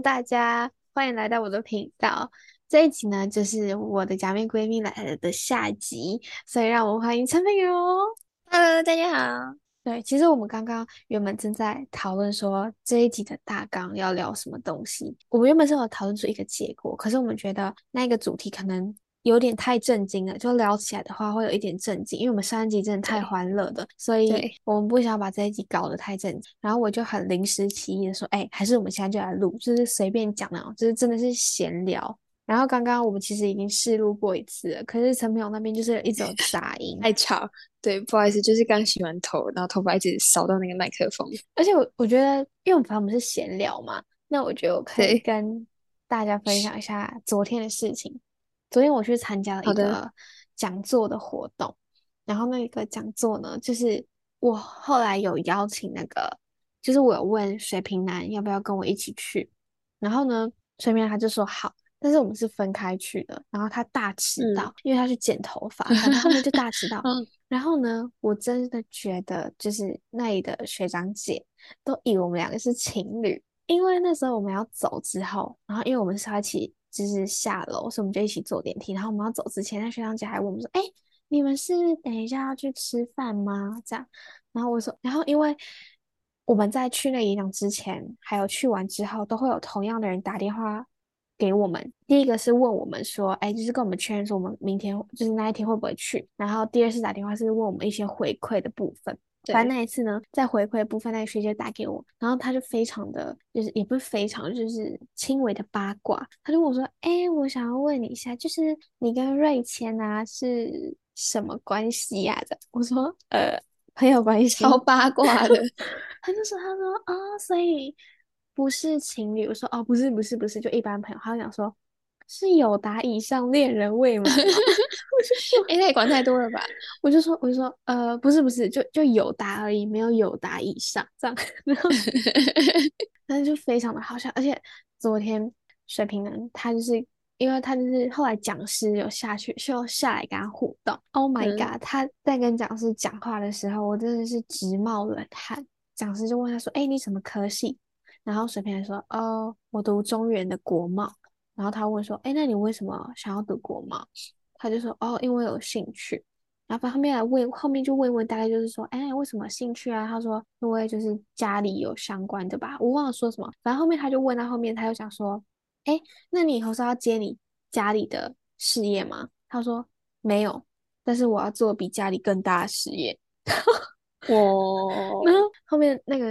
大家歡迎來到我的頻道，這一集呢，就是我的假面閨蜜來了的下集，所以讓我們歡迎陳佩瑤。Hello，大家好。對，其實我們剛剛原本正在討論說這一集的大綱要聊什麼東西，我們原本是有討論出一個結果，可是我們覺得那個主題可能。有點太震驚了，就聊起來的話會有一點震驚，因為我們上一集真的太歡樂的，所以我們不想把這一集搞得太震驚。然後我就很臨時起意的說，哎、欸，還是我們現在就來錄，就是隨便講的，就是真的是閒聊。然後剛剛我們其實已經試錄過一次了，可是陳朋友那邊就是一種雜音， 太吵。對，不好意思，就是剛洗完頭，然後頭髮一直掃到那個麥克風。而且我我覺得，因為我們反正我們是閒聊嘛，那我覺得我可以跟大家分享一下昨天的事情。昨天我去參加了一個講座的活動，然後那個講座呢，就是我後來有邀請那個，就是我有問水瓶男要不要跟我一起去，然後呢，水瓶男他就說好，但是我們是分開去的，然後他大遲到、嗯，因為他去剪頭髮，然後他就大遲到， 然後呢，我真的覺得就是那裡的學長姐都以為我們兩個是情侶，因為那時候我們要走之後，然後因為我們是一起。就是下樓，所以我們就一起坐電梯。然後我們要走之前，那學長姐還問我們說：“哎、欸，你們是等一下要去吃飯嗎？”這樣。然後我說，然後因為我們在去那演講之前，還有去完之後，都會有同樣的人打電話給我們。第一個是問我們說：“哎、欸，就是跟我們確認說我們明天就是那一天會不會去。”然後第二次打電話是問我們一些回饋的部分。反正那一次呢，在回饋部分，那個學姐打給我，然後他就非常的，就是也不是非常，就是輕微的八卦。他就問我說：“哎、欸，我想要問你一下，就是你跟瑞謙啊是什麼關係呀、啊？”這我說：“呃，朋友關係。”超八卦的。他 就說：“他說啊、哦，所以不是情侶。”我說：“哦，不是，不是，不是，就一般朋友。”他就想說。是友達以上戀人未滿嗎？ 我就說，哎、欸，那也管太多了吧？ 我就說，我就說，呃，不是不是，就就友達而已，沒有友達以上這樣。然後 但是就非常的好笑，而且昨天水瓶男他就是，因為他就是後來講師有下去，就下來跟他互動。Oh my god！、嗯、他在跟講師講話的時候，我真的是直冒冷汗。講師就問他說：“哎、欸，你什麼科系？”然後水瓶男說：“哦，我讀中原的國貿。”然後他問說：“哎，那你為什麼想要德國嗎？”他就說：“哦，因為有興趣。”然後他後面來問，後面就問一問大概就是說：“哎，為什麼興趣啊？”他說：“因為就是家裡有相關的吧。”我忘了說什麼。反正後面他就問到後面，他又想說：“哎，那你以後是要接你家裡的事業嗎？”他說：“沒有，但是我要做比家裡更大的事業。 我”我嗯，後面那個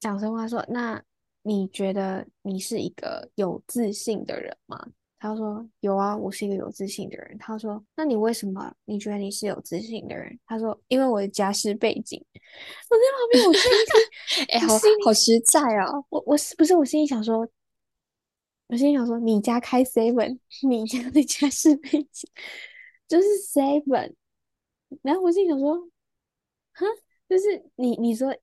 講實話說那。你覺得你是一個有自信的人嗎？他說：“有啊，我是一個有自信的人。”他說：“那你為什麼你覺得你是有自信的人？”他說：“因為我的家世背景。”我在旁邊，我心想：“哎、 欸欸，好好實在啊、哦！”我我是不是我心裡想說，我心裡想說，你家開 seven，你家的家世背景就是 seven。然後我心裡想說：“哼，就是你，你說。”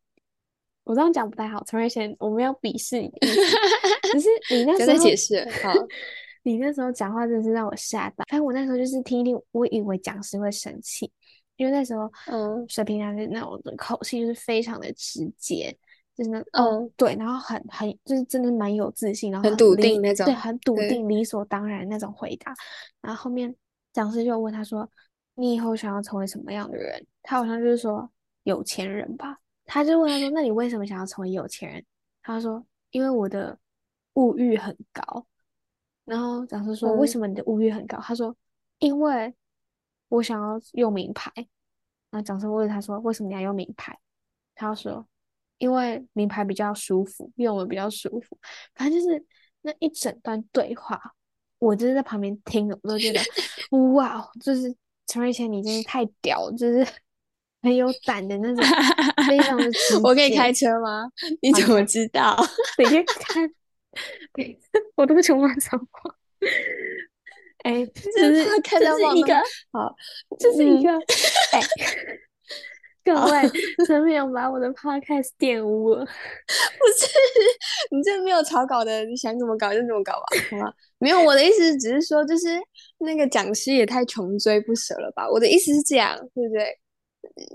我這樣講不太好，從瑞先，我沒有鄙視你。只 是你那時候在解釋。好， 你那時候講話真是讓我嚇到。反正我那時候就是聽一聽，我以為講師會生氣，因為那時候嗯，水平他是那種口氣就是非常的直接，就是那嗯，嗯對，然後很很就是真的蠻有自信，然後很篤定那種，對，很篤定理所當然那種回答。然後後面講師就問他說：“你以後想要成為什麼樣的人？”他好像就是說有錢人吧。他就問他說：“那你為什麼想要成為有錢人？”他說：“因為我的物欲很高。”然後講師說，說、啊：“為什麼你的物欲很高？”他說：“因為我想要用名牌。”然後講師問他說：“為什麼你要用名牌？”他說：“因為名牌比較舒服，用的比較舒服。”反正就是那一整段對話，我就是在旁邊聽着，我都覺得 哇，就是陳瑞謙，你真是太屌，就是。很有膽的那種的， 我可以開車嗎？你怎麼知道？ 啊、每天看，欸、我都不從網上光哎，這是這是一個看到好，這是一個哎，嗯個欸、 各位，真沒有把我的 podcast 玷汙了？ 不是，你這沒有草稿的，你想怎麼搞就怎麼搞吧，好嗎？沒有，我的意思只是說，就是那個講師也太窮追不舍了吧？我的意思是這樣，對不對？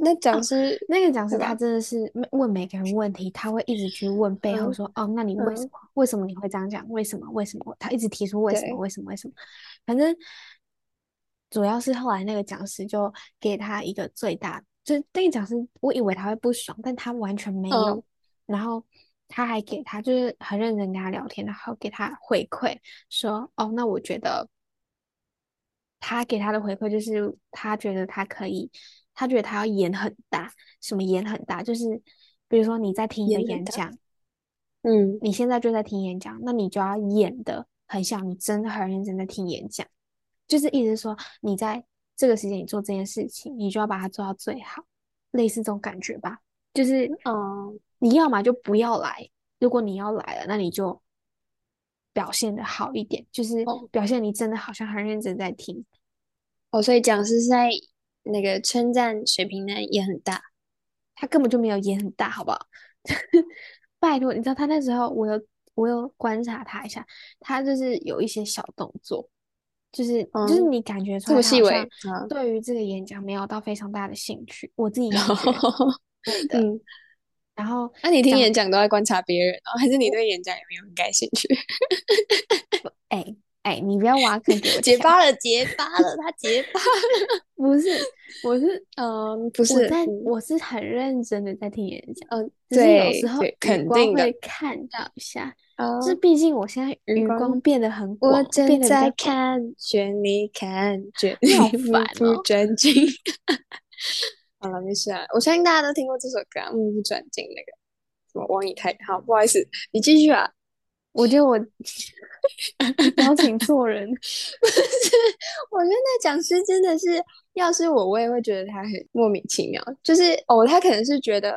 那講師、哦，那個講師他真的是問每個人問題，他會一直去問背後說，嗯、哦，那你為什麼？嗯、為什麼你會這樣講？為什麼？為什麼？他一直提出為什麼？為什麼？為什麼？反正主要是後來那個講師就給他一個最大，就那個講師我以為他會不爽，但他完全沒有，嗯、然後他還給他就是很認真跟他聊天，然後給他回饋說，哦，那我覺得他給他的回饋就是他覺得他可以。他覺得他要演很大，什麼演很大，就是比如說你在聽一個演講，嗯，你現在就在聽演講，嗯、那你就要演的很像，你真的很認真在聽演講，就是意思是說你在這個時間你做這件事情，你就要把它做到最好，類似這種感覺吧，就是嗯，你要嘛就不要來，如果你要來了，那你就表現的好一點，就是表現你真的好像很認真在聽，哦，哦所以講是在。那個稱讚水平呢也很大，他根本就沒有演很大，好不好？ 拜託，你知道他那時候，我有我有觀察他一下，他就是有一些小動作，就是、嗯、就是你感覺出來他好像對於這個演講沒有到非常大的興趣。嗯、我自己有、嗯。嗯，然後那、啊、你聽演講都在觀察別人哦、嗯，還是你對演講也沒有很感興趣？哎。 欸哎、欸，你不要挖坑給我。結巴了，結巴了，他結巴了 不我、嗯。不是，我是嗯，不是。但我是很認真的在聽演講。哦、嗯，對，只是有時候肯定會看到一下。哦。就是，畢竟我現在餘光變得很廣，變得。我在看，懸溺，看懸溺，目不轉睛。 好了，沒事了、啊、我相信大家都聽過這首歌、啊《目不轉睛》那個，什麼王以太。好，不好意思，你繼續啊。我覺得我 邀請錯坐人， 我覺得那講師真的是，要是我，我也會覺得他很莫名其妙。就是哦，他可能是覺得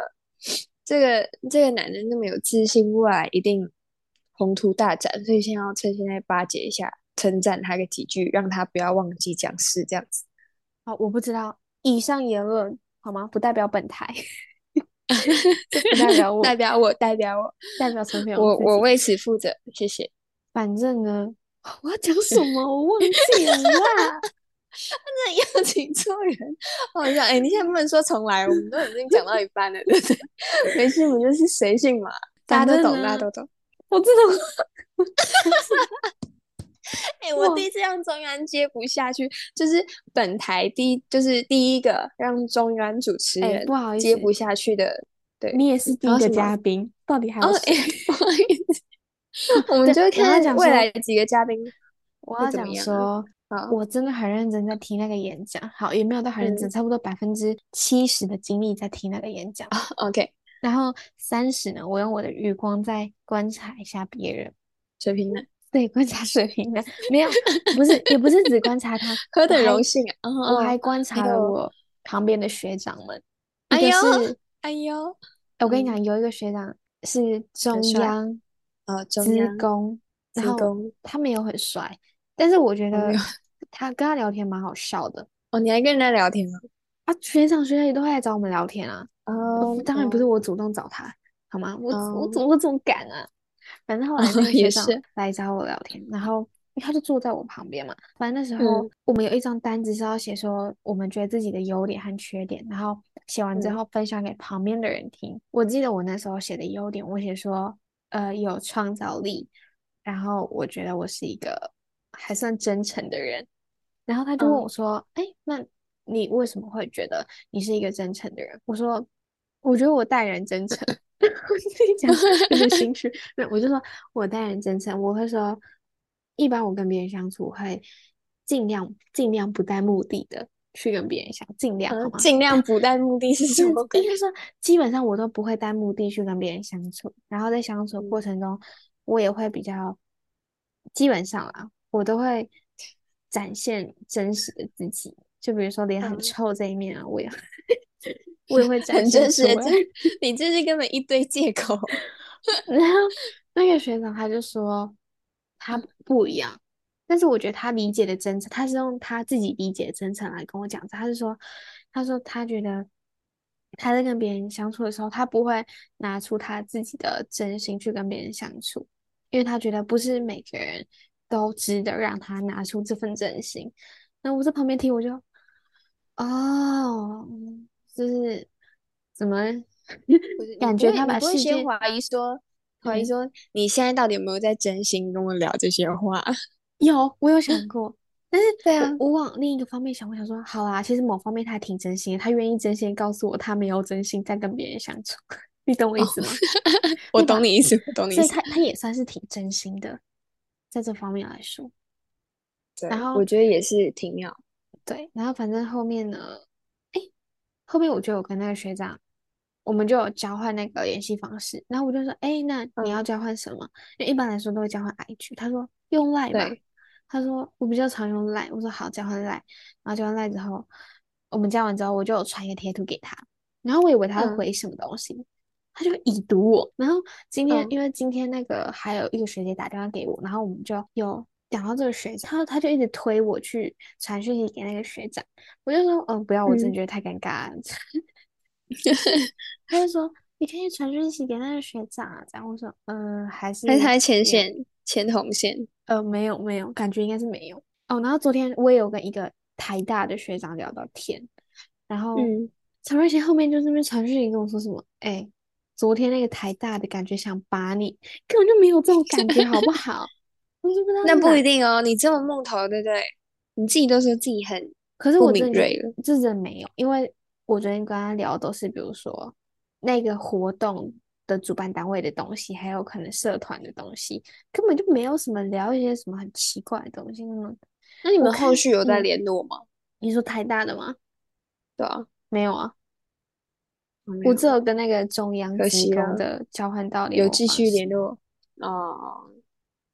這個這個男人那麼有自信，未來一定宏圖大展，所以先要趁現在巴結一下，稱讚他個幾句，讓他不要忘記講師這樣子。好、哦，我不知道以上言論好嗎？不代表本台。 代表我，代表我，我，代表我，代表成明。我我為此負責，謝謝。反正呢，我要講什麼，我忘記了。那 邀請錯人，我講，哎、欸，你現在不能說重來， 我們都已經講到一半了，對不對，對？ 沒事，我們就是隨性嘛，大家都懂，大家都懂。我這種。 哎、欸，我第一次讓中原接不下去，就是本台第，就是第一個讓中原主持人不好意思接不下去的。欸、對你也是第一個嘉賓，到底還有誰？Oh, 欸、不好意思 我們就會看他講。未來幾個嘉賓。我要講說，我真的很認真在聽那個演講。好，也沒有到很認真，嗯、差不多百分之七十的精力在聽那個演講。Oh, OK，然後三十呢，我用我的餘光再觀察一下別人。水平的。對，觀察水平的、啊， 沒有，不是，也不是只觀察他，何等 的榮幸啊哦哦！我還觀察了我旁邊的學長們，哎呦，哎呦，我跟你講，有一個學長是中央，呃，中公，然後他沒有很帥，但是我覺得他跟他聊天蠻好笑的。哎、哦，你還跟人家聊天嗎？啊，學長學長也都會來找我們聊天啊。哦，當然不是我主動找他，哦、好嗎？我、哦、我怎麼會這麼敢呢、啊？反正後來也是來找我聊天，哦、然後因為他就坐在我旁邊嘛。反正那時候、嗯、我們有一張單子是要寫說我們覺得自己的優點和缺點，然後寫完之後分享給旁邊的人聽、嗯。我記得我那時候寫的優點，我寫說呃有創造力，然後我覺得我是一個還算真誠的人。然後他就問我說：“哎、嗯欸，那你為什麼會覺得你是一個真誠的人？”我說：“我覺得我待人真誠。 ”我自己講，就興趣。 我就說，我待人真誠，我會說，一般我跟別人相處會盡量盡量不帶目的的去跟別人相處，盡量 盡量不帶目的是什麼？我 就是說，基本上我都不會帶目的去跟別人相處，然後在相處的過程中，我也會比較基本上啊，我都會展現真實的自己，就比如說臉很臭這一面啊，我也會、嗯。 我也會講，真實的你。這是根本一堆借口。 然後那個學長他就說他不一樣，但是我覺得他理解的真誠，他是用他自己理解的真誠來跟我講。他是說，他說他覺得他在跟別人相處的時候，他不會拿出他自己的真心去跟別人相處，因為他覺得不是每個人都值得讓他拿出這份真心。那我在旁邊聽，我就哦。就是怎麼感覺他把事就懷疑說懷疑說、嗯、你現在到底有沒有在真心跟我聊這些話？有，我有想過， 但是對啊我，我往另一個方面想，我想說，好啊，其實某方面他還挺真心的，他願意真心告訴我他沒有真心在跟別人相處，你懂我意思嗎？哦、 我懂你意思，我懂你意思。 所以他他也算是挺真心的，在這方面來說，對。然後我覺得也是挺妙。對，然後反正後面呢。後面我就有跟那個學長，我們就有交換那個聯繫方式，然後我就說，哎，那你要交換什麼？嗯、因為一般來說都會交換 IG，他說用 Line 吧，他說我比較常用 Line，我說好，交換 Line，然後交換 Line 之後，我們加完之後，我就有傳一個貼圖給他，然後我以為他會回什麼東西，嗯、他就已讀我，然後今天、嗯、因為今天那個還有一個學姐打電話給我，然後我們就又。講到這個學長，他他就一直推我去傳訊息給那個學長。我就說，嗯、呃，不要，我真的覺得太尷尬、啊。嗯、 他就說，你可以傳訊息給那個學長啊。然後我說，嗯、呃、還是還是他在前線，前紅線，呃，沒有沒有，感覺應該是沒有。哦，然後昨天我也有跟一個台大的學長聊到天，然後傳訊、嗯、息後面就是那邊傳訊息跟我說什麼，哎，昨天那個台大的感覺想把你，根本就沒有這種感覺，好不好？ 不那不一定哦，你這麼木頭，對不對？你自己都說自己很，可是我真的，真的沒有，因為我昨天跟他聊的都是，比如說那個活動的主辦單位的東西，還有可能社團的東西，根本就沒有什麼聊一些什麼很奇怪的東西。那麼，那你們後續有在聯絡嗎？嗯、你說台大的嗎？對啊，沒有啊，有我只有跟那個中央職工的交換到有，有繼續聯絡哦。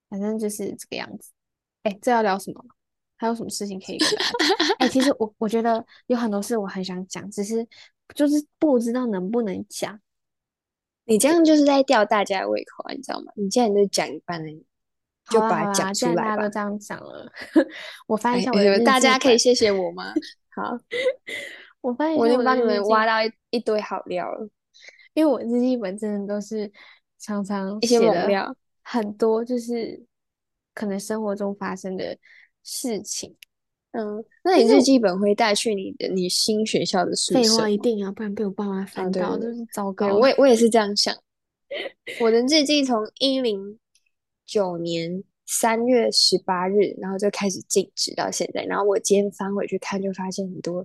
反正就是這個樣子，哎、欸，這要聊什麼？還有什麼事情可以聊？哎、 欸，其實我我覺得有很多事我很想講，只是就是不知道能不能講。你這樣就是在吊大家的胃口啊，你知道嗎？你現在就講一半了，就把它講出來吧。大家都這樣講了， 我發現我、欸欸呃、大家可以謝謝我嗎？ 好， 我發現有有我又幫你們挖到一， 一堆好料了，因為我日記本真的都是常常寫一些猛料。很多就是可能生活中發生的事情，嗯，是，那你日記本會帶去你的你新學校的宿舍？廢話，一定啊，不然被我爸媽翻到，真、啊就是糟糕。啊，我也我也是這樣想， 我的日記從一零九年三月十八日，然後就開始靜止到現在，然後我今天翻回去看，就發現很多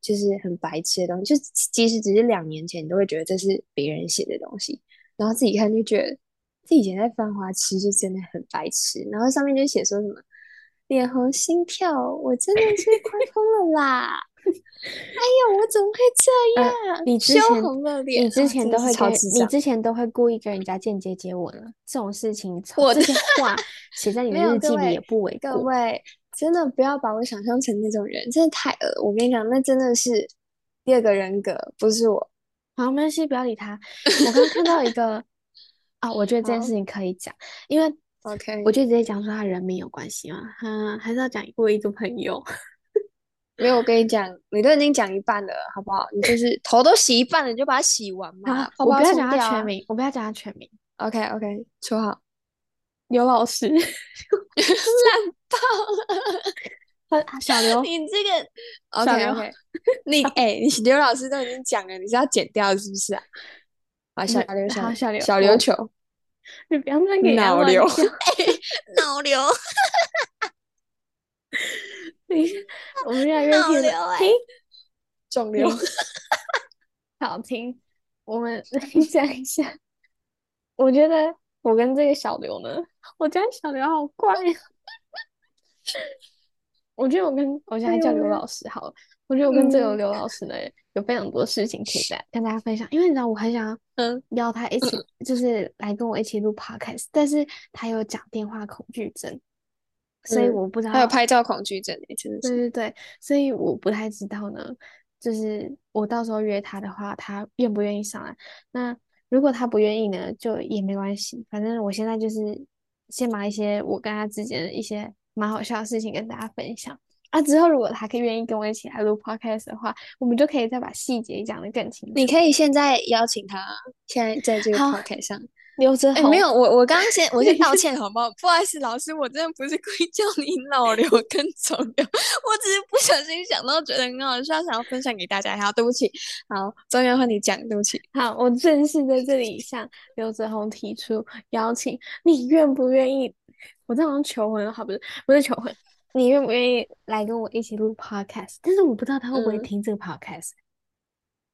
就是很白痴的東西，就即使只是兩年前，你都會覺得這是別人寫的東西，然後自己看就覺得。自己以前在犯花癡，就真的很白痴。然後上面就寫說什麼臉紅心跳，我真的是快瘋了啦！ 哎呀，我怎麼會這樣？呃、你之前羞紅了臉，你之前都會超，你之前都會故意跟人家間接接吻了，這種事情，我這些話寫在你的日記裡也不為過。 各位，各位真的不要把我想象成那種人， 真的太惡！我跟你講，那真的是第二個人格，不是我。好，沒事，不要理他。 我剛看到一個。啊、哦，我覺得這件事情可以講，因為，OK，我就直接講說他人名有關係嘛，嗯、啊，還是要講一,一個朋友， 沒有，我跟你講，你都已經講一半了，好不好？你就是 頭都洗一半了，你就把它洗完嘛。好不好我不要講他全名，我不要講他全名。OK，OK，okay, okay, 綽號，劉老師，爛 爆了， 啊、小劉， 你這個 okay,，OK，你哎，劉、 欸、老師都已經講了，你是要剪掉是不是啊？啊，小劉，小劉，小劉球、哦，你不要亂給啊！腦瘤、 欸，腦瘤，哈哈哈哈！我們越來越哎，腫瘤、欸，哈哈哈哈！ 好聽，我們講一,一下，我覺得我跟這個小劉呢，我家小劉好怪、啊。我覺得我跟我家叫劉老師好了。哎我覺得我跟這個劉老師呢、嗯，有非常多事情可以再跟大家分享。因為你知道，我很想要邀他一起、嗯，就是來跟我一起錄 podcast，、嗯、但是他有講電話恐懼症，所以我不知道。他有拍照恐懼症也真、就是。對對對，所以我不太知道呢，就是我到時候約他的話，他願不願意上來？那如果他不願意呢，就也沒關係。反正我現在就是先把一些我跟他之間的一些蠻好笑的事情跟大家分享。啊，之後如果他可以願意跟我一起來錄 podcast 的話，我們就可以再把細節講得更清楚。你可以現在邀請他，啊，現在在這個 podcast 上。劉澤宏、欸，沒有我，我剛剛先，我先道歉 好不好？不好意思老師，我真的不是故意叫你腦瘤跟腫瘤， 我只是不小心想到，覺得很好，所以想要分享給大家哈對不起。好，終於要和你講，對不起。好，我正式在這裡向劉澤宏提出邀請，你願不願意？我這好像求婚，好，不是，不是求婚。你願不願意來跟我一起錄 podcast？但是我不知道他會不會聽這個 podcast。嗯、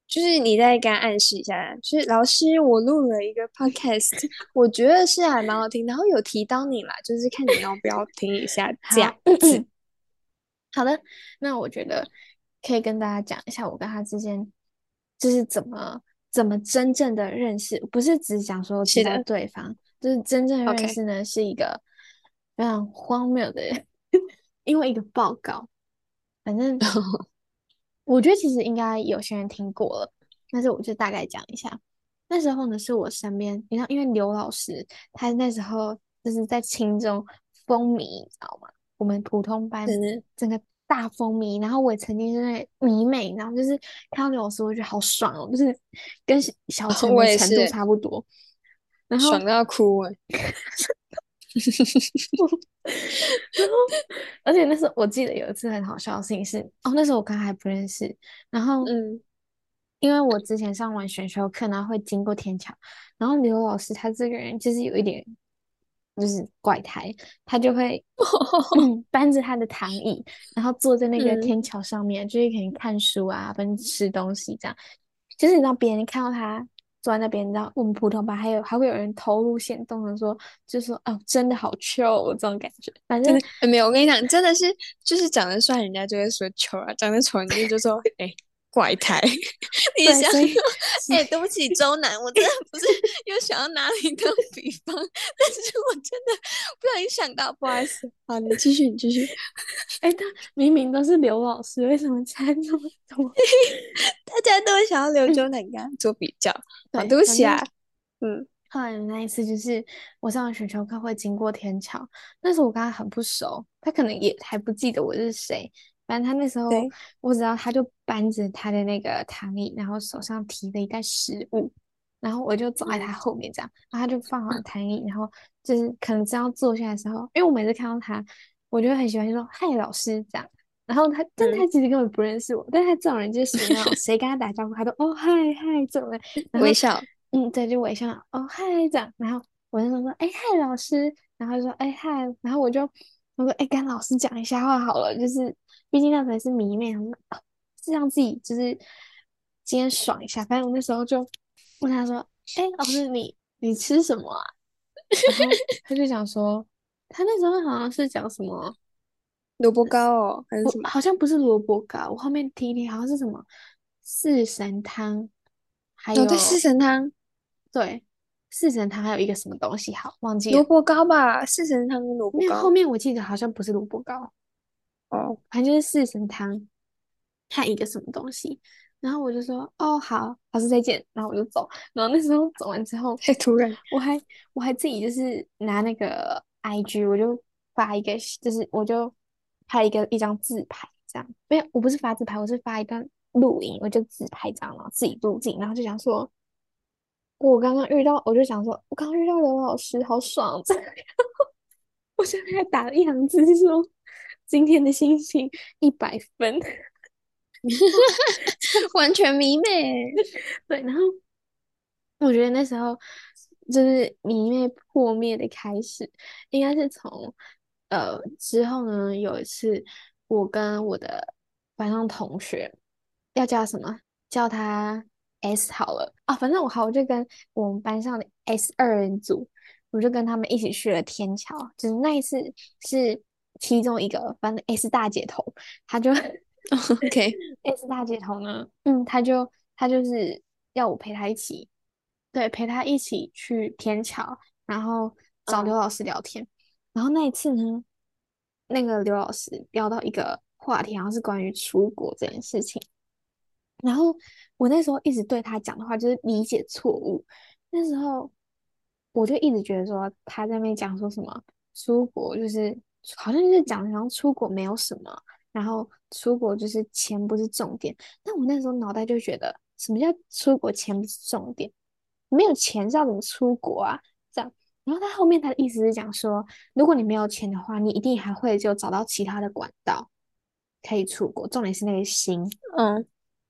就是你再給他暗示一下，就是老師，我錄了一個 podcast， 我覺得是還蠻好聽，然後有提到你啦，就是看你要不要聽一下這樣 好呵呵。好的，那我覺得可以跟大家講一下我跟他之間就是怎麼怎麼真正的認識，不是只想說記得對方，就是真正認識呢、okay. 是一個非常荒謬的人。因為一個報告，反正我覺得其實應該有些人聽過了， 但是我就大概講一下。那時候呢，是我身邊，你知道，因為劉老師他那時候就是在清中風靡，你知道嗎？我們普通班整個大風靡，然後我也曾經是迷妹，你知道，就是看到劉老師，我覺得好爽哦，就是跟小程，程度差不多，然後爽到哭、欸 然後而且那時候我記得有一次很好笑的事情是，哦那時候我剛還不認識，然後嗯，因為我之前上完選修課，然後會經過天橋，然後劉老師他這個人就是有一點就是怪胎，他就會、嗯、搬着他的躺椅，然後坐在那個天橋上面、嗯，就是可以看書啊，可以吃東西這樣，就是你知道別人看到他。坐在那邊，然後我們普通班，還有還會有人投入險動的說，就是說哦，真的好臭這種感覺，反正、欸、沒有，我跟你講，真的是就是長得帥，人家就會說醜啊；長得醜，人家就說誒。 欸怪胎， 你想說？哎、欸，對不起，周楠，我真的不是又想要拿你當比方， 但是我真的不小心想到，不好意思，好，你繼續，你繼續。哎、 欸，他明明都是劉老師，為什麼猜那麼多？ 大家都想要劉周楠跟他做比較、嗯。好，對不起啊。嗯，後來那一次就是我上選修課會經過天橋，但是我跟他很不熟，他可能也還不記得我是誰。反正他那時候，我知道他就搬着他的那個躺椅，然後手上提着一袋食物，然後我就走在他後面這樣，嗯、然後他就放好躺椅，然後就是可能這樣坐下來的時候、嗯，因為我每次看到他，我就很喜歡說嗨老師這樣，然後他、嗯、但他其實根本不認識我，但他這種人就是 誰跟他打招呼，他都哦嗨嗨這種人、 嗯、微笑，嗯對，就微笑哦嗨這樣，然後我就說哎嗨、hey, 老師，然後他說哎嗨，hey, 然後我就我說哎跟、hey, 老師講一下話好了，就是。畢竟那才是迷妹，啊、是讓自己就是今天爽一下。反正我那時候就問他說：“哎、欸，老師，你你吃什麼啊？” 然後他就想說， 他那時候好像是講什麼蘿蔔糕哦，還是什麼？好像不是蘿蔔糕。我後面聽一聽好像是什麼四神湯，還有，哦，對，四神湯。對，四神湯還有一個什麼東西，好，忘記了。蘿蔔糕吧？四神湯跟蘿蔔糕。後面我記得好像不是蘿蔔糕。哦，反正就是四神湯，看一個什麼東西，然後我就說，哦，好，老師再見，然後我就走，然後那時候走完之後，太突然，我還我還自己就是拿那個 IG，我就發一個，就是我就拍一個一張自拍，這樣，沒有，我不是發自拍，我是發一段錄音，我就自拍這樣，然後自己錄進，然後就想說，我剛剛遇到，我就想說，我剛剛遇到劉老師，好爽！啊這，然後我現在還打了一行字就說。今天的心情一百分 完全迷妹。 對，然後我覺得那時候就是迷妹破滅的開始應，應該是從呃之後呢，有一次我跟我的班上同學要叫什麼叫他 S 好了啊，反正我好我就跟我們班上的 S 二人組，我就跟他們一起去了天橋。就是那一次是。其中一個，反正 S 大姐頭，他就、oh, OK，S、okay. 大姐頭呢，嗯，他就他就是要我陪他一起，對，陪他一起去天橋，然後找劉老師聊天。Oh. 然後那一次呢，那個劉老師聊到一個話題，好像是關於出國這件事情。然後我那時候一直對他講的話就是理解錯誤。那時候我就一直覺得說他在那邊講說什麼出國就是。好像就是講，然後出國沒有什麼，然後出國就是錢不是重點。那我那時候腦袋就覺得，什麼叫出國錢不是重點？沒有錢知道怎麼出國啊？這樣。然後他後面他的意思是講說，如果你沒有錢的話，你一定還會就找到其他的管道可以出國。重點是那個心，嗯，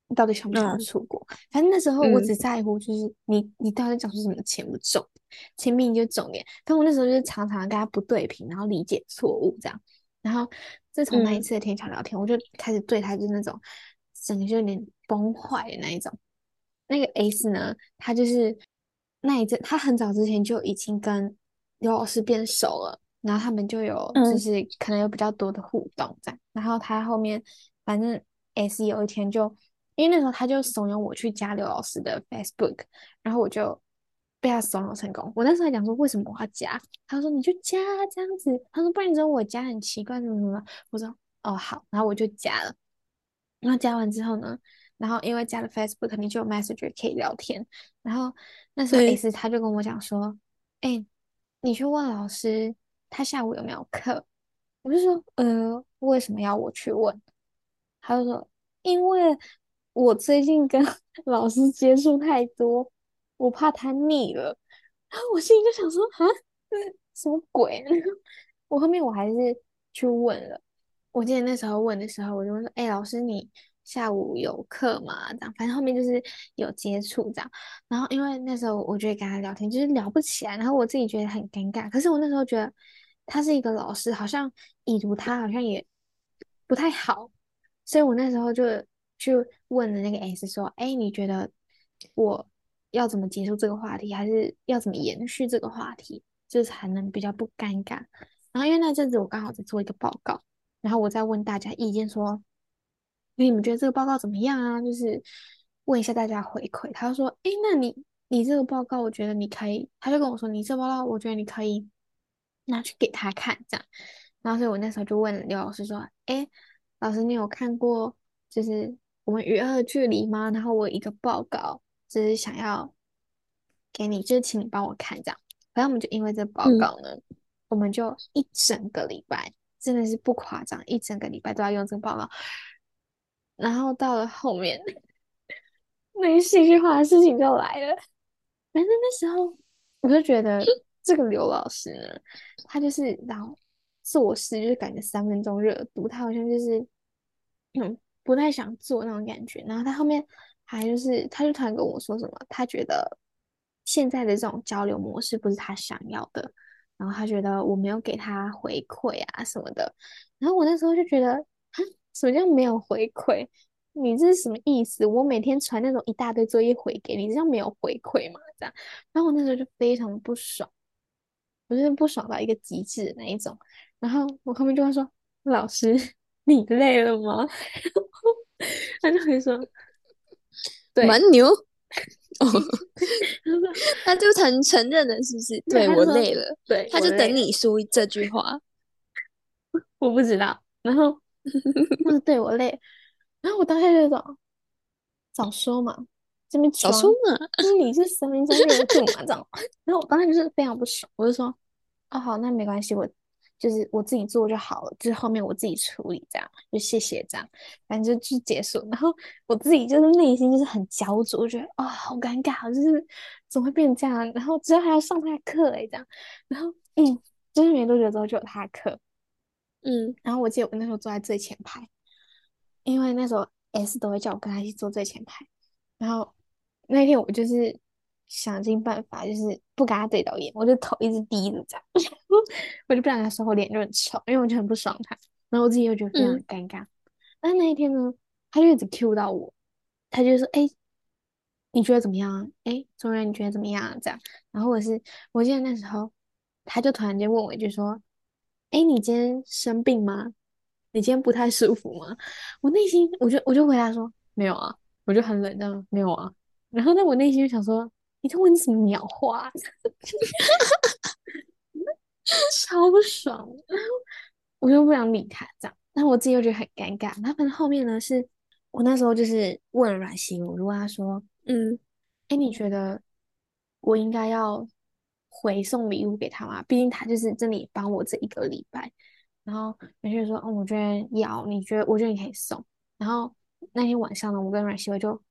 你到底想不想出國，嗯？反正那時候我只在乎就是、嗯、你，你到底想講什麼錢不重。親密就重點，但我那時候就是常常跟他不對頻，然後理解錯誤這樣。然後自從那一次的天橋聊天、嗯，我就開始對他就是那種，整個就有點崩壞的那一種。那個 S 呢，他就是那一次，他很早之前就已經跟劉老師變熟了，然後他們就有就是可能有比較多的互動這樣。嗯、然後他後面反正 S 有一天就，因為那時候他就慫恿我去加劉老師的 Facebook，然後我就。被他慫恿成功，我那時候還講說為什麼我要加，他說你就加這樣子，他說不然你說我加很奇怪怎麼怎麼，我說哦好，然後我就加了，然後加完之後呢，然後因為加了 Facebook 肯定就有 Messenger 可以聊天，然後那時候意思他就跟我講說，哎、欸，你去問老師他下午有沒有課，我就說呃為什麼要我去問，他就說因為我最近跟老師接觸太多。 我怕他膩了，然後我心裡就想說：“啊，這什麼鬼？”我後面我還是去問了。我記得那時候問的時候，我就問說：“哎、欸，老師，你下午有課嗎？”這樣，反正後面就是有接觸這樣。然後因為那時候我覺得跟他聊天就是聊不起來，然後我自己覺得很尷尬。可是我那時候覺得他是一個老師，好像已讀他好像也不太好，所以我那時候就去問了那個 S 說：“哎、欸，你覺得我？”要怎麼結束這個話題，還是要怎麼延續這個話題，就是才能比較不尷尬。然後因為那陣子我剛好在做一個報告，然後我在問大家意見說，你們覺得這個報告怎麼樣啊？就是問一下大家回饋。他就說：“哎，那你你這個報告，我覺得你可以。”他就跟我說：“你這報告，我覺得你可以拿去給他看，這樣。”然後所以我那時候就問劉老師說：“哎，老師，你有看過就是我們與惡的距離嗎？”然後我有一個報告。.就是想要給你，就是請你幫我看這樣。然後我們就因為這個報告呢、嗯，我們就一整個禮拜，真的是不誇張，一整個禮拜都要用這個報告。然後到了後面，那戲劇化的事情就來了。反正那時候我就覺得這個劉老師呢，他就是然後做事，就是感覺三分鐘熱度，他好像就是嗯不太想做那種感覺。然後他後面。還就是，他就突然跟我說什麼，他覺得現在的這種交流模式，不是他想要的，然後他覺得我沒有給他回饋啊什麼的，然後我那時候就覺得，哼，什麼叫沒有回饋？你這是什麼意思？我每天傳那種一大堆作業回給你，這叫沒有回饋嘛？這樣，然後我那時候就非常不爽，我真的不爽到一個極致的那一種，然後我後面就會說，老師你累了嗎？ 他就會說。蠻牛，oh, 他就承承認了，是不是？對我累了，對，他就等你說這句話。我不知道，然後， 他就對我累，然後我當時就想早說嘛，這麼早說嘛，你是什麼人都有種啊這樣。然後我剛才就是非常不爽，我就說，哦好，那沒關係，我。就是我自己做就好了，就是後面我自己處理這樣，就謝謝這樣，反正就就結束。然後我自己就是內心就是很焦灼，我覺得啊、哦、好尷尬，就是怎麼會變成這樣、啊？然後之後還要上他的課誒、欸，這樣。然後嗯，就是沒多久之後就有他的課，嗯。然後我記得我那時候坐在最前排，因為那時候 S 都會叫我跟他一起坐最前排。然後那天我就是。想盡辦法就是不跟他對到眼，我就頭一直低着， 我就不想他說我臉就很醜，因為我就很不爽他，然後我自己又覺得非常尷尬。嗯、但那一天呢，他就一直 Q 到我，他就說，哎、欸，你覺得怎麼樣？啊？哎、欸，周然你覺得怎麼樣？啊？這樣，然後我是，我記得那時候，他就突然間問我一句說，哎、欸，你今天生病嗎？你今天不太舒服嗎？我內心我就我就回答說沒有啊，我就很冷淡，沒有啊。然後那我內心就想說。你在問你怎麼秒哈， 超爽的！我又不想理他，這樣，但我自己又覺得很尷尬。然後反正後面呢，是我那時候就是問阮西如，我就問他說：“嗯，哎、欸，你覺得我應該要回送禮物給他嗎？畢竟他就是這裡幫我這一個禮拜。”然後阮西如說：“嗯，我覺得要。你覺得？我覺得你可以送。”然後那天晚上呢，我跟阮西如就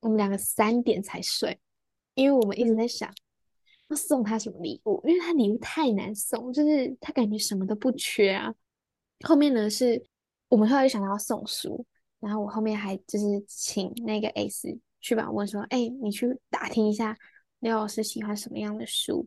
我們兩個三點才睡。因為我們一直在想要送他什麼禮物， 因為他禮物太難送，就是他感覺什麼都不缺啊。後面呢是，我們後來就想到送書，然後我後面還就是請那個 a S 去幫我問說，哎、 欸，你去打聽一下劉老師喜歡什麼樣的書。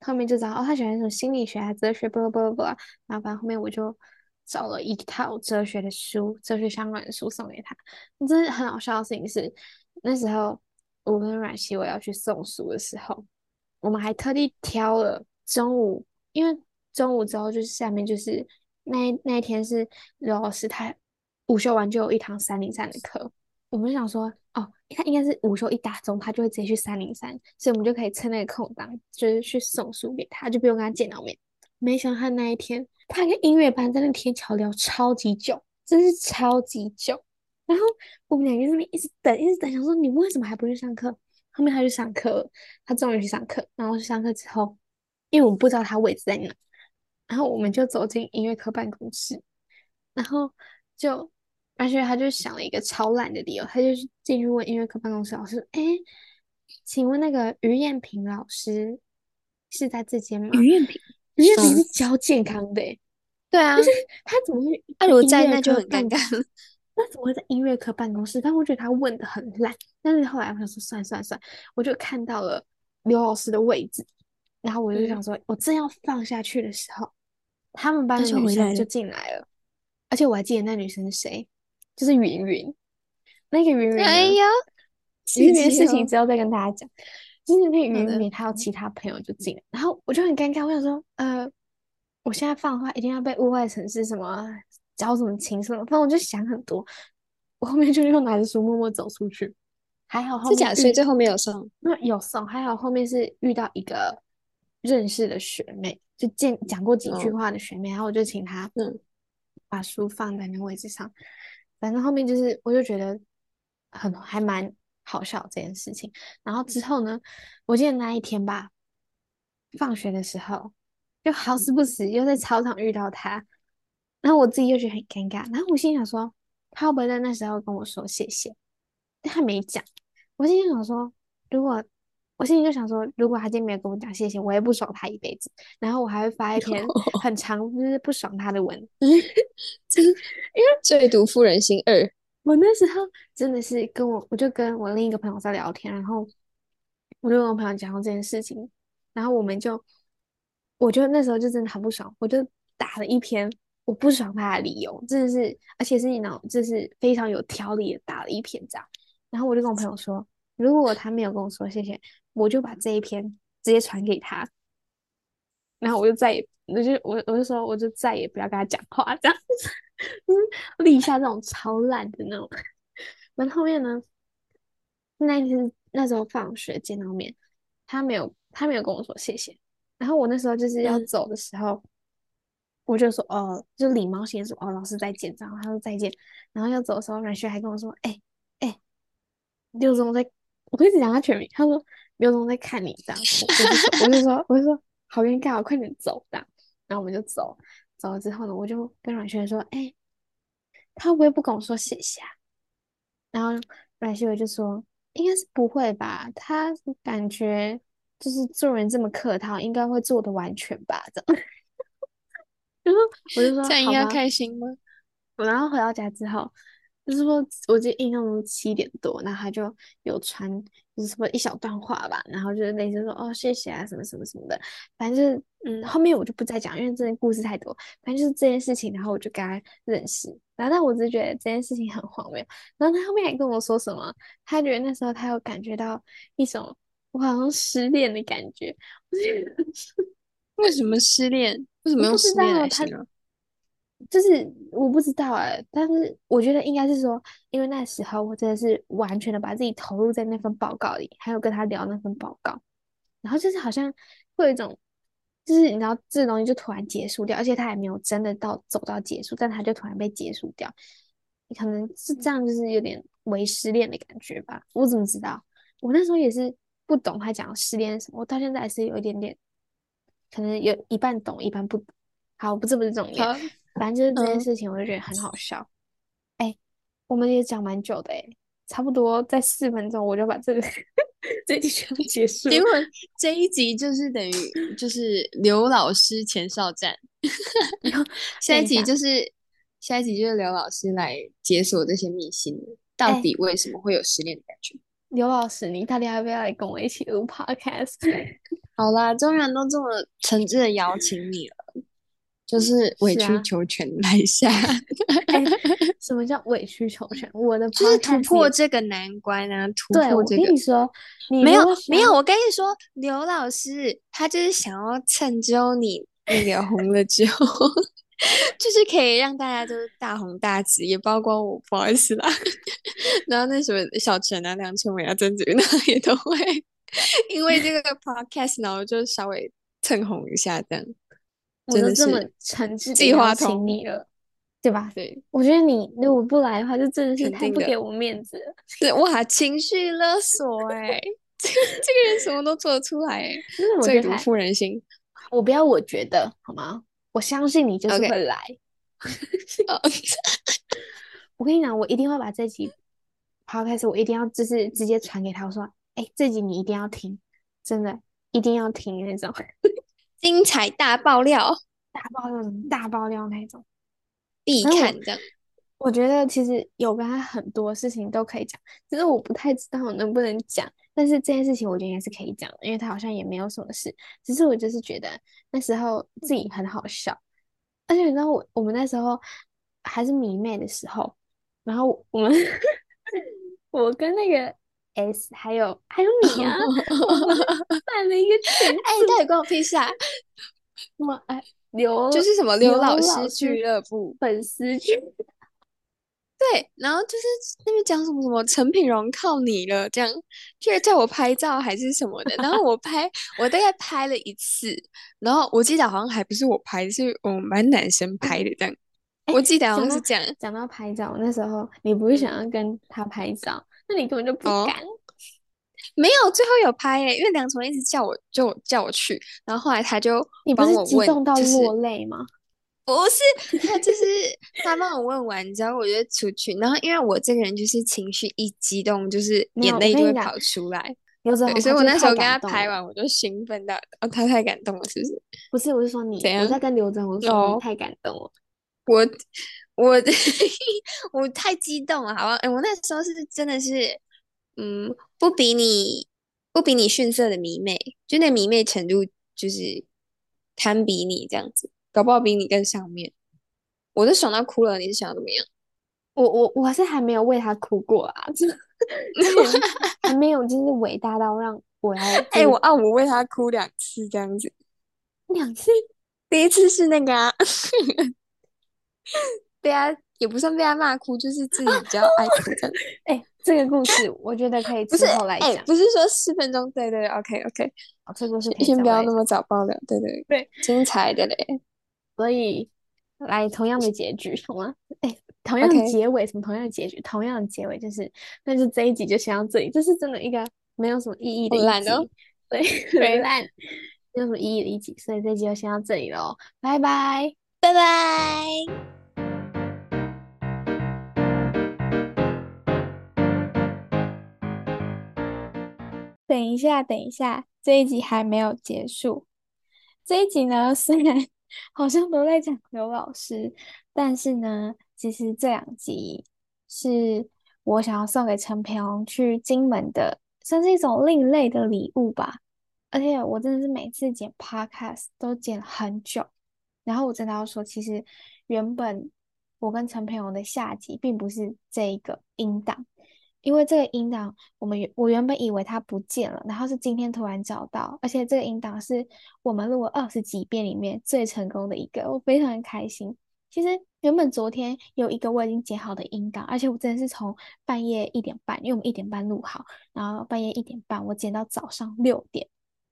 後面就知道哦，他喜歡什麼心理學啊、哲學，不拉不拉不拉，h 然後反正後面我就找了一套哲學的書，哲學相關的書送給他。那真是很好笑的事情是，那時候，我跟阮西，我要去送書的時候，我們還特地挑了中午，因為中午之後就是下面就是那一那一天是劉老師他午休完就有一堂三零三的課，我們就想說哦，他應該是午休一打鐘，他就會直接去三零三，所以我們就可以趁那個空檔，就是去送書給他，就不用跟他見到面。沒想到他那一天，他跟音樂班在那天橋聊超級久，真是超級久。然後我們兩個在那邊一直等，一直等，想說你們為什麼還不去上課？後面他就上課，他終於去上課。然後去上課之後，因為我們不知道他位置在哪，然後我們就走進音樂科辦公室，然後就而且他就想了一個超爛的理由，他就進去問音樂科辦公室老師：“哎，請問那個於艳萍老師是在這間嗎？”於艷萍，於豔萍是教健康的。欸，對啊，他怎麼會、啊？哎，我在那就很尷尬了。 那怎麼會在音樂科辦公室？但我覺得他問的很爛。但是後來我想說，算算算，我就看到了劉老師的位置。然後我就想說、嗯，我正要放下去的時候，他們班女生就進來了。而且我還記得那女生是誰，就是雲雲，那個雲雲。哎呀，其實這件事情之後再跟大家講。其實那雲雲她有其他朋友就進來、嗯，然後我就很尷尬，我想說，呃，我現在放的話，一定要被誤會成是什麼？教怎麼什麼，反正我就想很多。我後面，就又拿着書默默走出去，還好後面。是假，是，最後沒有送。那有，有送，還好後面是遇到一個認識的學妹，就見講過幾句話的學妹，哦，然後我就請她把書放在那個位置上，嗯。反正後面就是，我就覺得很還蠻好笑這件事情。然後之後呢，嗯，我記得那一天吧，放學的時候，又好死不死又在操場遇到他。然後我自己又覺得很尷尬，然後我心裡想說，他會不會在那時候跟我說謝謝？但他沒講。我心裡想說，如果我心裡就想說，如果他今天沒有跟我講謝謝，我也不爽他一輩子。然後我還會發一篇很長、哦、就是不爽他的文，因為最毒婦人心二。 我那時候真的是跟我，我就跟我另一個朋友在聊天，然後我就跟我朋友講過這件事情，然後我們就，我就那時候就真的很不爽，我就打了一篇，我不爽他的理由，真的是，而且是你腦，種，這是非常有條理的打了一篇這樣，然後我就跟我朋友說，如果他沒有跟我說謝謝，我就把這一篇直接傳給他。然後我就再也，就我就我我就說，我就再也不要跟他講話，這樣，子，立下這種超爛的那種。然後後面呢，那天那時候放學見到面，他沒有他沒有跟我說謝謝。然後我那時候就是要走的時候。嗯我就說哦，就禮貌性說哦，老師再見。然後他說再見，然後要走的時候，阮旭還跟我說哎哎，劉總在，我一直講他全名。他說劉總在看你這樣，我就說我就說，我就說好尷尬，我快點走吧。然後我們就走，走了之後呢，我就跟阮軒說哎、欸，他不會不跟我說謝謝啊？然後阮軒我就說應該是不會吧，他感覺就是做人這麼客套，應該會做的完全吧這樣。然後我就說：“這樣應該開心嗎？我然後回到家之後，就是說，我記得印象中七點多，然後他就有傳，就是什麼一小段話吧，然後就是那時候說：“哦，謝謝啊，什麼什麼什麼的。”反正就是，嗯，後面我就不再講，因為這件事故事太多。反正就是這件事情，然後我就跟他認識。然後，但我只覺得這件事情很荒謬。然後他後面還跟我說什麼？他覺得那時候他有感覺到一種我好像失戀的感覺。為什麼失戀？為什麼沒有失戀？他就是我不知道哎、啊，但是我覺得應該是說，因為那時候我真的是完全的把自己投入在那份報告裡，還有跟他聊那份報告，然後就是好像會有一種，就是你知道，這種東西就突然結束掉，而且他也沒有真的到走到結束，但他就突然被結束掉，你可能是這樣，就是有點為失戀的感覺吧？我怎麼知道？我那時候也是不懂他講失戀什麼，我到現在還是有一點點。可能有一半懂，一半不懂。好，不是不是重點。反正就是這件事情，我就覺得很好笑。哎、嗯，我們也講蠻久的哎，差不多在四分鐘，我就把這個這一集全部結束了。因為這一集就是等於就是劉老師前哨戰， 然後下一集就是一下，下一集就是劉老師來解鎖這些秘辛，到底為什麼會有失戀的感覺？劉老師，你到底要不要來跟我一起錄 Podcast？好啦，中原都這麼誠摯的邀請你了，就是委曲求全來一下，啊欸。什麼叫委曲求全？我的就是突破這個難關啊！突破這個，對，我跟你說，你沒有沒有，沒有，我跟你說，劉老師他就是想要趁，只有你臉紅了之後。 就是可以讓大家都大紅大紫，也包括我，不好意思啦。 然後那時候小陳啊、梁秋美啊、曾祖那也都會因為這個 podcast，然後我就稍微蹭紅一下這樣。真的，我的這麼誠摯地邀請你了，對吧？對，我覺得你如果不來的話，就真的是太不給我面子了。對哇，情緒勒索哎、欸，這 這個人什麼都做得出來哎、欸，最毒婦人心。我不要我覺得好嗎？我相信你就是會來、okay。 我跟你講，我一定會把這集 podcast，我一定要就是直接傳給他。我說，哎、欸，這集你一定要聽，真的一定要聽那種精彩大爆料、大爆料、大爆料那種必看的。我，我覺得其實有跟他很多事情都可以講，只是我不太知道能不能講。但是這件事情我覺得應該是可以講，因為他好像也沒有什麼事，只是我就是覺得那時候自己很好笑，而且你知道我我們那時候還是迷妹的時候，然後我，我們 我跟那個 S 還有還有你啊， 辦了一個群，哎、 欸，大家幫我閉下。那麼哎劉就是什麼劉老師俱樂部粉絲群。本 對，然後就是那邊講什麼什麼陳品榮靠你了，這樣，就是叫我拍照還是什麼的。然後我拍， 我大概拍了一次，然後我記得好像還不是我拍，是我們班男生拍的這樣、欸。我記得好像是這樣。講到，講到拍照那時候，你不是想要跟他拍照，那你根本就不敢。哦、沒有，最後有拍耶、欸，因為梁崇一直叫我就叫我去，然後後來他就幫我問，你不是激動到落淚嗎？就是不是，他就是他幫我問完之 後，我就出去。然後因為我這個人就是情緒一激動，就是眼淚就會跑出來。劉哲洪，所以我那時候跟他拍完，我就興奮到哦，他太感動了，是不是？不是，我就說你，我在跟劉總我說，oh. 你太感動了，我我 我太激動了，好吧？欸，我那時候是真的是，嗯，不比你不比你遜色的迷妹，就那迷妹程度就是堪比你這樣子。搞不好比你更上面，我是爽到哭了。你是想怎麼樣？我我我是還沒有為他哭過啊， 對 還沒有，就是偉大到讓我來哎、欸！我啊，我為他哭兩次這樣子，兩次，第一次是那個啊， 對啊，也不算被他罵哭，就是自己比較愛哭的。哎、 欸，這個故事我覺得可以之後來講、欸，不是說四分鐘，對對，對，OK OK，哦，確實是這，先不要那麼早爆料，對對對，對精彩的嘞。所以，來同樣的結局好嗎？哎、欸，同樣的結尾、okay. 什麼？同樣的結局，同樣的結尾就是，但是這一集就先到這裡。這是真的一個沒有什麼意義的爛哦，對，沒爛， 沒有什麼意義的一集，所以這一集就先到這裡嘍。拜拜，拜拜。等一下，等一下，這一集還沒有結束。這一集呢，雖然。好像都在講劉老師，但是呢，其實這兩集是我想要送給陳培榮去金門的，算是一種另類的禮物吧。而且我真的是每次剪 podcast 都剪很久，然後我真的要說，其實原本我跟陳培榮的下集並不是這一個音檔。因為這個音檔，我們原我原本以為它不見了，然後是今天突然找到，而且這個音檔是我們錄了二十幾遍裡面最成功的一個，我非常開心。其實原本昨天有一個我已經剪好的音檔，而且我真的是從半夜一點半，因為我們一點半錄好，然後半夜一點半我剪到早上六點，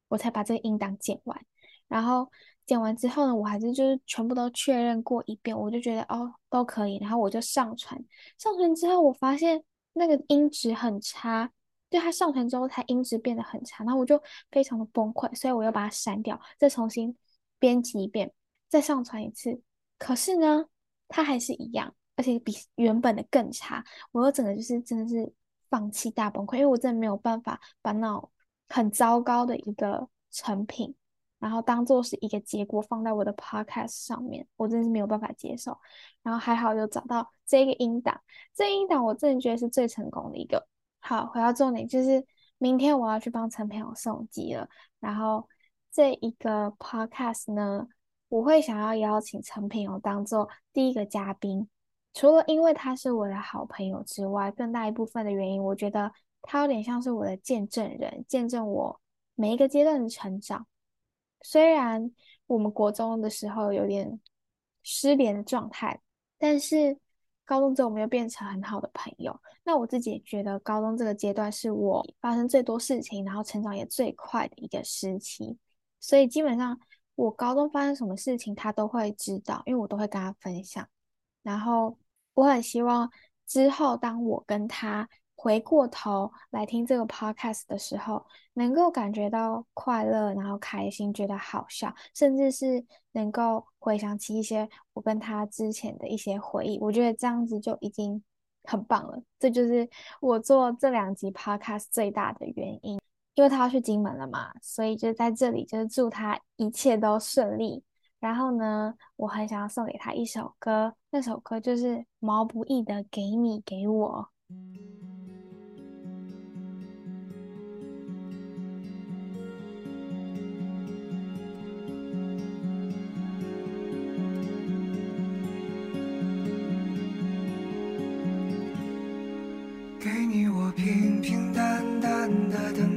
我才把這個音檔剪完。然後剪完之後呢，我還是就是全部都確認過一遍，我就覺得哦都可以，然後我就上傳。上傳之後，我發現。那個音質很差，就它上傳之後，它音質變得很差，然後我就非常的崩潰，所以我又把它刪掉，再重新編輯一遍，再上傳一次。可是呢，它還是一樣，而且比原本的更差，我又整個就是真的是放棄大崩潰，因為我真的沒有辦法把那種很糟糕的一個成品，然後當做是一個結果放在我的 podcast 上面，我真是沒有辦法接受。然後還好，有找到這個音檔，這個、音檔我真的覺得是最成功的一個。好，回到重點，就是明天我要去幫陳平友送機了。然後這一個 podcast 呢，我會想要邀請陳平友當做第一個嘉賓，除了因為他是我的好朋友之外，更大一部分的原因，我覺得他有點像是我的見證人，見證我每一個階段的成長。雖然我們國中的時候有點失聯的狀態，但是高中之後我們又變成很好的朋友。那我自己也覺得，高中這個階段是我發生最多事情，然後成長也最快的一個時期。所以基本上，我高中發生什麼事情，他都會知道，因為我都會跟他分享。然後我很希望之後，當我跟他。回過頭來聽這個 podcast 的時候，能夠感覺到快樂，然後開心，覺得好笑，甚至是能夠回想起一些我跟他之前的一些回憶，我覺得這樣子就已經很棒了。這就是我做這兩集 podcast 最大的原因，因為他要去金門了嘛，所以就在這裡就是祝他一切都順利。然後呢，我很想要送給他一首歌，那首歌就是毛不易的《給你給我》。平平淡淡的等。